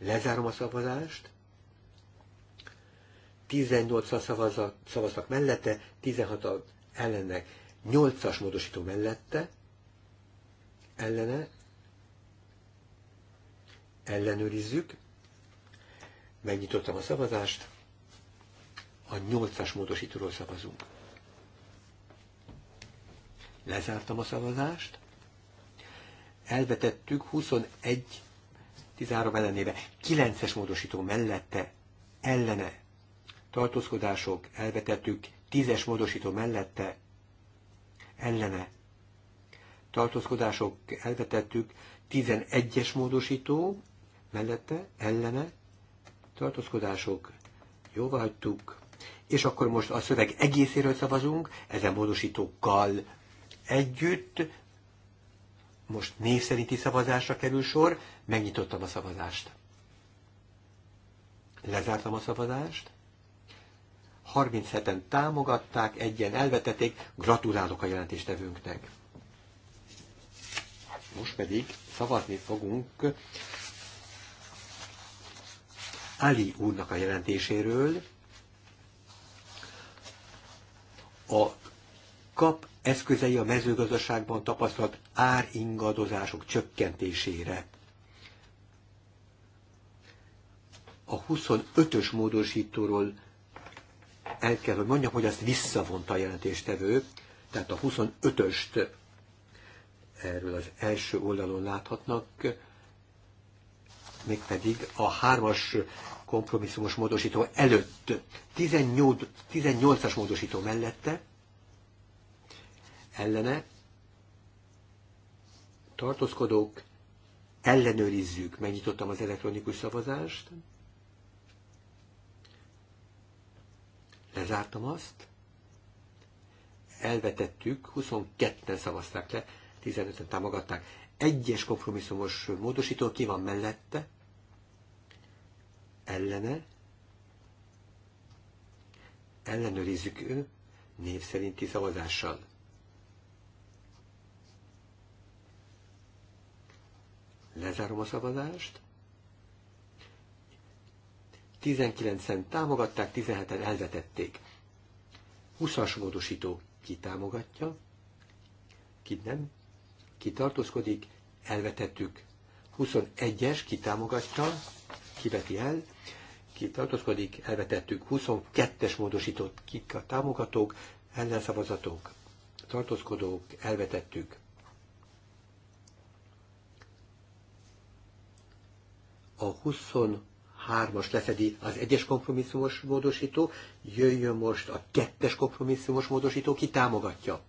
Lezárom a szavazást. 18-an szavazat, szavaztak mellette, 16-an ellene, 8-as módosító mellette, ellene, ellenőrizzük, megnyitottam a szavazást, a 8-as módosítóról szavazunk. Lezártam a szavazást, elvetettük 21 13 ellenére, 9-es módosító mellette, ellene, tartózkodások, elvetettük, 10-es módosító mellette, ellene, tartózkodások, elvetettük, 11-es módosító mellette, ellene, tartózkodások, jóvá hagytuk, és akkor most a szöveg egészéről szavazunk, ezen módosítókkal együtt, most név szerinti szavazásra kerül sor, megnyitottam a szavazást. Lezártam a szavazást. 37-en támogatták, egyen elvetették, gratulálok a jelentéstevőnknek. Most pedig szavazni fogunk Ali úrnak a jelentéséről, a kap eszközei a mezőgazdaságban tapasztalt áringadozások csökkentésére. A 25-ös módosítóról el kell, hogy mondjam, hogy azt visszavonta a jelentéstevő, tehát a 25-öst erről az első oldalon láthatnak, mégpedig a hármas kompromisszumos módosító előtt, 18, 18-as módosító mellette, ellene tartózkodók ellenőrizzük. Megnyitottam az elektronikus szavazást. Lezártam azt. Elvetettük, 22-en szavazták le, 15-en támogatták. Egyes kompromisszumos módosító ki van mellette? Ellene? Ellenőrizzük ő név szerinti szavazással. Lezárom a szavazást. 19-en támogatták, 17-en elvetették. 20-as módosító ki támogatja, ki nem, ki tartózkodik, elvetettük. 21-es ki támogatja, kiveti el, ki tartózkodik, elvetettük. 22-es módosított kik a támogatók, ellenszavazatok, tartózkodók, elvetettük. a 23-as lefedi az egyes kompromisszumos módosító, jöjjön most a kettes kompromisszumos módosító, ki támogatja.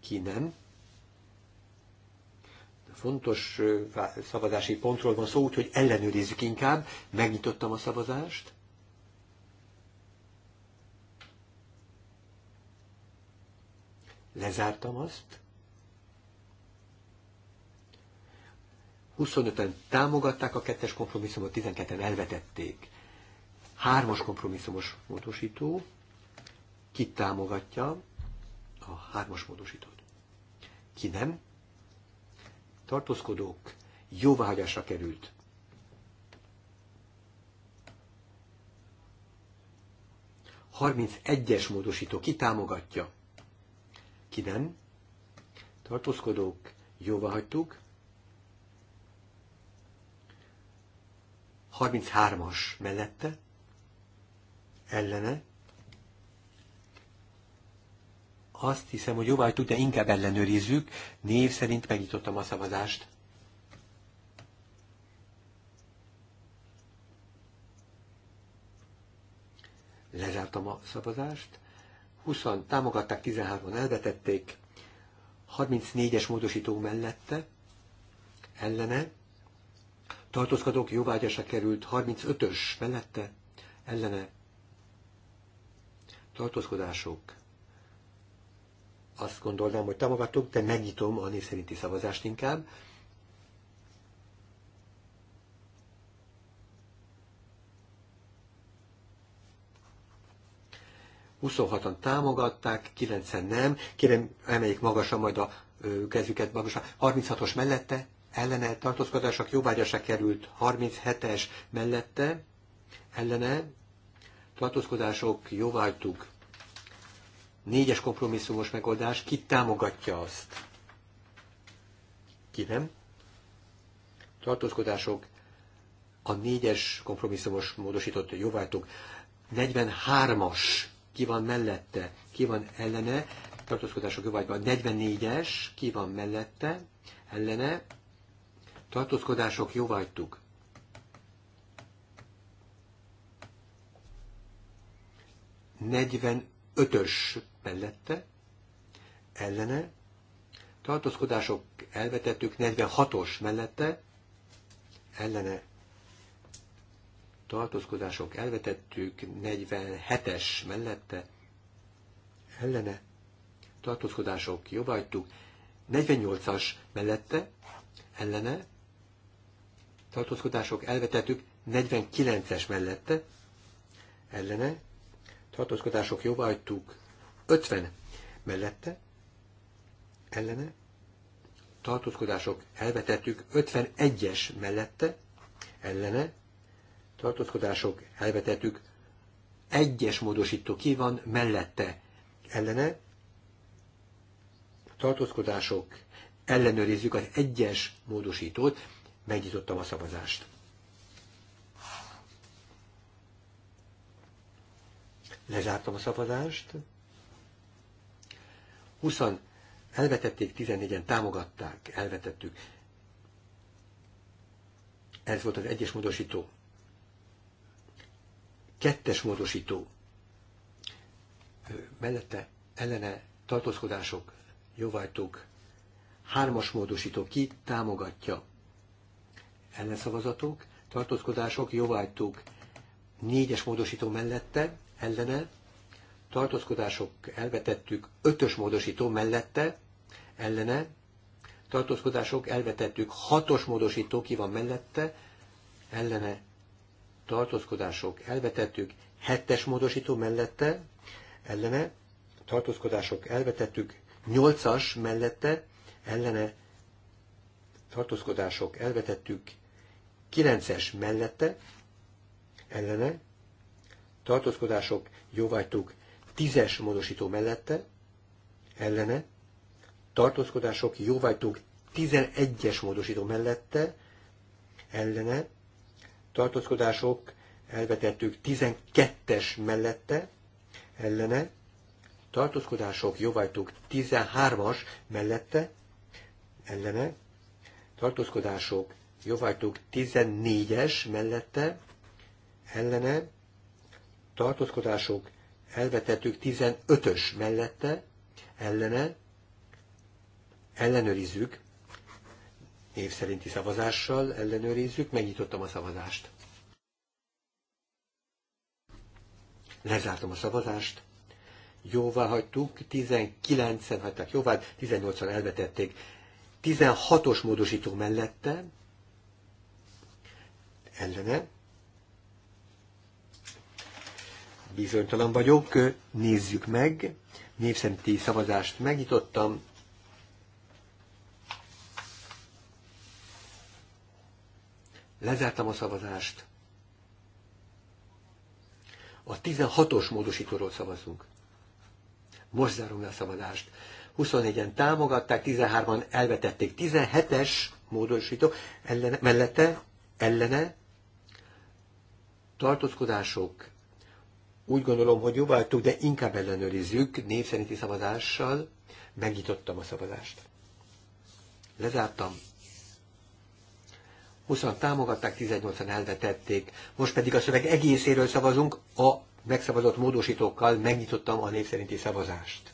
Ki nem. Fontos szavazási pontról van szó, úgyhogy ellenőrizzük inkább. Megnyitottam a szavazást. Lezártam azt. 25-en támogatták a kettes kompromisszumot, 12-en elvetették. Hármas kompromisszumos módosító, ki támogatja a hármas módosítót. Ki nem? Tartózkodók jóváhagyásra került. Harminc egyes módosító ki támogatja? Ki nem? Tartózkodók jóváhagytuk. 33-as mellette, ellene. Azt hiszem, hogy jóvá tud, de inkább ellenőrizzük. Név szerint megnyitottam a szavazást. Lezártam a szavazást. 20 támogatták, 13-an elvetették. 34-es módosító mellette, ellene, tartózkodók jóvágyása került 35-ös mellette ellene tartózkodások. Azt gondolnám, hogy támogatok, de megnyitom a név szerinti szavazást inkább. Huszonhatan támogatták, 90 nem. Kérem, emeljék magasra majd a kezüket magasra. 36-os mellette, ellene tartózkodások jóvágyásra került 37-es mellette, ellene tartózkodások jóvágytuk. Négyes kompromisszumos megoldás, ki támogatja azt? Ki nem? Tartózkodások a négyes kompromisszumos módosított jóvágytuk. 43-as, ki van mellette, ki van ellene, tartózkodások jóvágyban 44-es, ki van mellette, ellene, tartózkodások jóvágytuk. Negyven ötös mellette, ellene, tartózkodások elvetettük 46-os mellette, ellene, tartózkodások elvetettük 47-es mellette, ellene, tartózkodások jobbajtuk 48-as mellette, ellene, tartózkodások elvetettük 49-es mellette, ellene, tartózkodások jóvá 50 mellette, ellene, tartózkodások elvetettük 51-es mellette, ellene, tartózkodások elvetettük egyes módosító ki van mellette, ellene, tartózkodások ellenőrizzük az egyes módosítót, Megnyitottam a szavazást. Lezártam a szavazást. 20 elvetették, 14-en támogatták, elvetettük. Ez volt az egyes módosító. Kettes módosító. Mellette ellene tartózkodások jóváltók. Hármas módosító ki támogatja ellenszavazatok, tartózkodások, jóvágytuk. Négyes módosító mellette, ellene, tartózkodások elvetettük, ötös módosító mellette, ellene, tartózkodások elvetettük, hatos módosító ki van mellette, ellene, tartózkodások elvetettük, hetes módosító mellette, ellene, tartózkodások elvetettük, nyolcas mellette, ellene, tartózkodások elvetettük, 9-es mellette, ellene, tartózkodások, jóvágytuk, 10-es módosító mellette, ellene, tartózkodások, jóvágytuk, 11-es módosító mellette, ellene, tartózkodások, elvetettük 12-es mellette, ellene, tartózkodások, jóvágytuk 13-as mellette, ellene, tartózkodások, jóváltók 14-es mellette, ellene, tartózkodások, elvetettük 15-ös mellette, ellene, ellenőrizzük, név szerinti szavazással ellenőrizzük, megnyitottam a szavazást. Lezártam a szavazást, jóvá hagytuk, 19-en hagyták jóvá, 18-an elvetették, 16-os módosító mellette, ellene. Bizonytalan vagyok, nézzük meg. Népszenti szavazást megnyitottam. Lezártam a szavazást. A 16-os módosítóról szavazunk. Most zárom le a szavazást. 24-en támogatták, 13-an elvetették. 17-es módosító ellene, mellette, ellene, tartózkodások, úgy gondolom, hogy jó hagytuk, de inkább ellenőrizzük név szerinti szavazással. Megnyitottam a szavazást. Lezártam. 20 támogatták, 18-an elvetették. Most pedig a szöveg egészéről szavazunk, a megszavazott módosítókkal megnyitottam a név szerinti szavazást.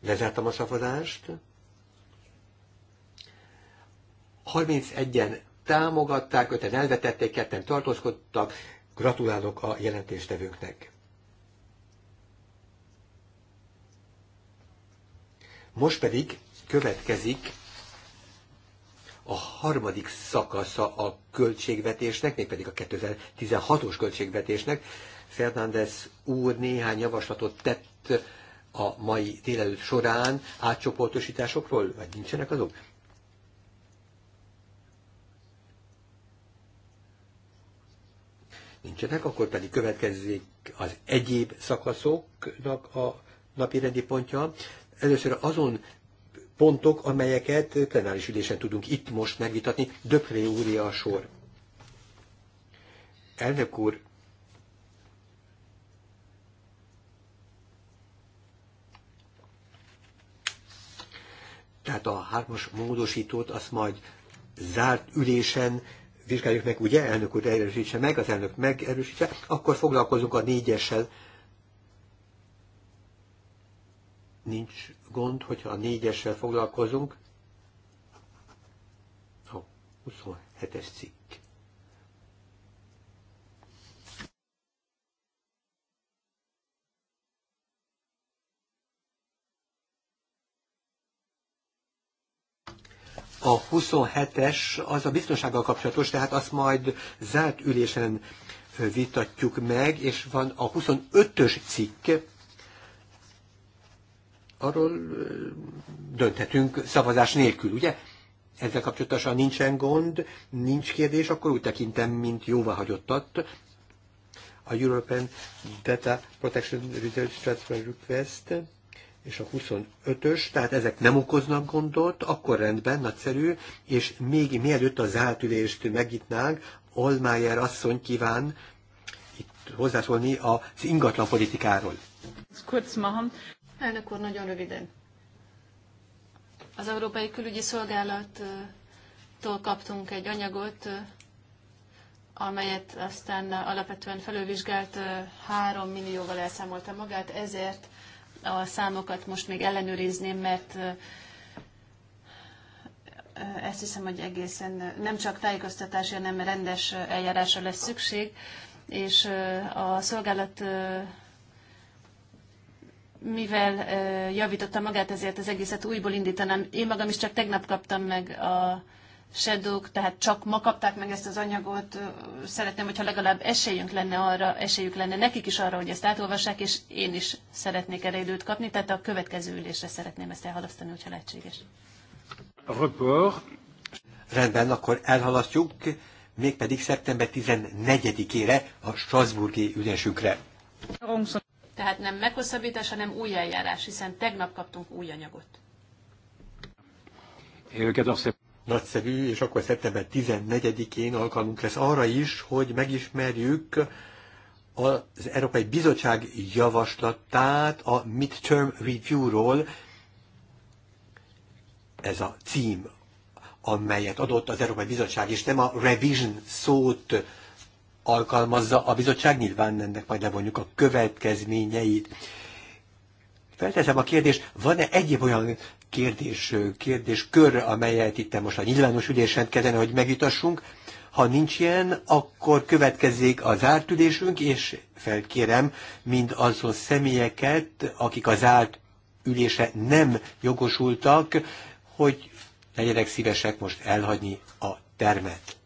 Lezártam a szavazást. 31-en támogatták, 5-en elvetették, 2 tartózkodtak. Gratulálok a jelentéstevőknek. Most pedig következik a harmadik szakasza a költségvetésnek, mégpedig a 2016-os költségvetésnek. Fernández úr néhány javaslatot tett a mai délelőtt során átcsoportosításokról, vagy nincsenek azok? nincsenek, akkor pedig következik az egyéb szakaszoknak a napi rendi pontja. Először azon pontok, amelyeket plenáris ülésen tudunk itt most megvitatni. Döpré úrja a sor. Elnök úr, tehát a hármas módosítót azt majd zárt ülésen vizsgáljuk meg, ugye, elnök úr erősítse meg, az elnök megerősítse, akkor foglalkozunk a négyessel. Nincs gond, hogyha a négyessel foglalkozunk. A 27-es cikk. A 27-es az a biztonsággal kapcsolatos, tehát azt majd zárt ülésen vitatjuk meg, és van a 25-ös cikk, arról dönthetünk szavazás nélkül, ugye? Ezzel kapcsolatosan nincsen gond, nincs kérdés, akkor úgy tekintem, mint hagyottat. a European Data Protection Research Transfer Request és a 25-ös, tehát ezek nem okoznak gondot, akkor rendben, nagyszerű, és még mielőtt a zárt ülést megnyitnánk, Olmájer asszony kíván itt hozzászólni az ingatlan politikáról. Elnök úr, nagyon röviden. Az Európai Külügyi Szolgálattól kaptunk egy anyagot, amelyet aztán alapvetően felülvizsgált, három millióval elszámolta magát, ezért a számokat most még ellenőrizném, mert ezt hiszem, hogy egészen nem csak tájékoztatásra, hanem rendes eljárásra lesz szükség, és a szolgálat mivel javította magát, ezért az egészet újból indítanám. Én magam is csak tegnap kaptam meg a Shadow, tehát csak ma kapták meg ezt az anyagot. Szeretném, hogyha legalább esélyünk lenne arra, esélyük lenne nekik is arra, hogy ezt átolvassák, és én is szeretnék erre időt kapni, tehát a következő ülésre szeretném ezt elhalasztani, hogyha lehetséges. Report. Rendben, akkor elhalasztjuk, mégpedig szeptember 14-ére a Strasburgi ülésünkre. Tehát nem meghosszabbítás, hanem új eljárás, hiszen tegnap kaptunk új anyagot. Őket azt nagyszerű, és akkor szeptember 14-én alkalmunk lesz arra is, hogy megismerjük az Európai Bizottság javaslatát a midterm review-ról, ez a cím, amelyet adott az Európai Bizottság, és nem a revision szót alkalmazza a bizottság, nyilván ennek majd levonjuk a következményeit. Felteszem a kérdést, van-e egyéb olyan kérdés, kérdés kör, amelyet itt most a nyilvános ülésen kellene, hogy megvitassunk. Ha nincs ilyen, akkor következzék az zárt ülésünk, és felkérem mind azon személyeket, akik az zárt ülése nem jogosultak, hogy legyenek szívesek most elhagyni a termet.